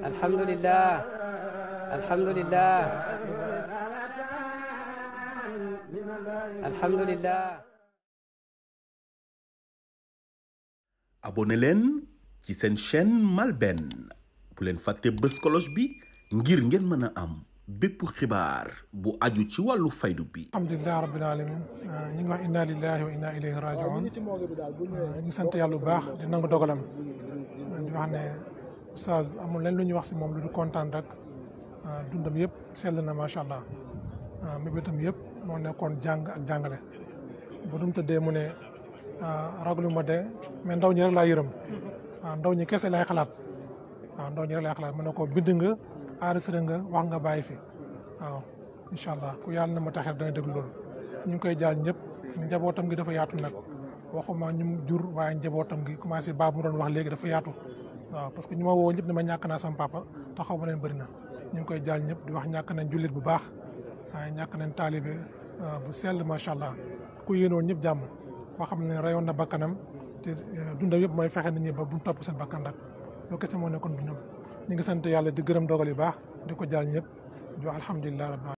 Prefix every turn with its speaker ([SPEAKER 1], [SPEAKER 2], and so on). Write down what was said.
[SPEAKER 1] alhamdulilah alhamdulilah alhamdulilah
[SPEAKER 2] abonné leen ci seen chaîne MALBN bu leen fàtte bës cloche bi ngir ngeen mën a am bépp xibaar bu aju ci wàllu faydu bi
[SPEAKER 1] alhamdulilah rabbil alamin ah, ñu ngi wax inna lillahi wa inna ilayhi rajiun ah, ngi sant yàlla bu baax di nangu dogalam ah, di wax ne oustaz amul leen lu ñuy wax si moom lu du kontaan rek dundam yëpp sell na macha allah mébétam yëpp moo nekkoon jàng ak jàngale bu dum tëddee mu ne raglu ma de mais ndaw ñi rek laa yërëm waaw ndaw ñi kese laay xalaat waaw ndaw ñi rek laay xalaat mu ne ko bind nga enregistré nga wax nga bàyyi fi waaw incha allah ku yàlla na ma taxee dana déglu loolu ñu ngi koy jaal ñëpp njabootam gi dafa yaatu nag waxuma ñu jur waaye njabootam gi commencé baab mu doon wax léegi dafa yaatu waaw parce que ñu ma woo ñëpp ne ma ñàkk naa sama papa taxaw ma leen bëri na ñu ngi koy jaal ñëpp di wax ñàkk nañ jullit bu baax waaye ñàkk nañ taalibe bu sell macha allah ku yéenoon ñëpp jàmm ba xam ne rayoon na bakkanam te eh, dundam yëpp mooy fexe nit ñi bu topp seen bakkan rek loolu moo nekkoon ñu ngi sant yàlla di gërëm dogal yu baax di ko jaal ñëpp di wax alhamdulilah rabbi